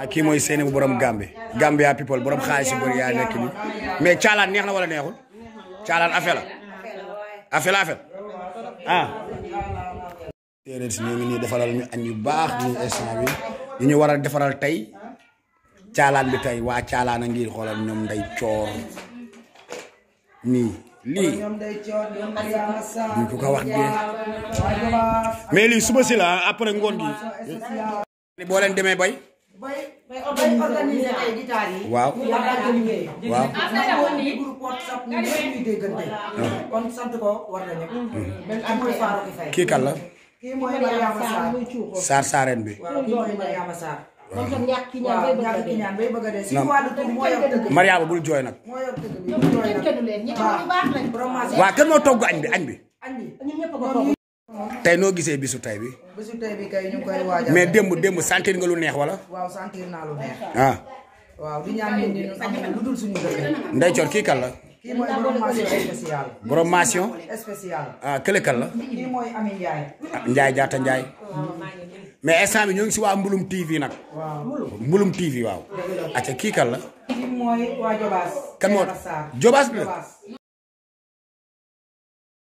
ah kii mooy seeni bu borom Gambie Gambia people borom xaalis yu bëri yaa nekk nii caalaan neex na wala neexul caalaan affaire la affaire la affaire ah. téeréet baax ñu ñu ñu a defaral tey caalaan bi tey waa caalaan a ngi xoolal ñoom nday coor nii lii ñu ko ko wax dee mais lii suba si après ngoon gi boo leen demee bay bay bay organiser ay guitare yi. waaw na nekk. même ak kii kan la. kii mooy bi. waaw kii mooy Mariama moo togg añ bi añ bi. tey noo gisee bisu tey bi. mais démb démb sentir nga lu neex wala. waaw sentir naa lu ah. waaw di ñaan kii kan la. kii mooy borom mention spéciale. Ah, kële kan la. kii ah, jaata Ndiaye. mais instant bi ñoo ngi si waa Mbulum TV nag. Mbulum TV waaw. dëgg kii kan la. kii Jobaas. kan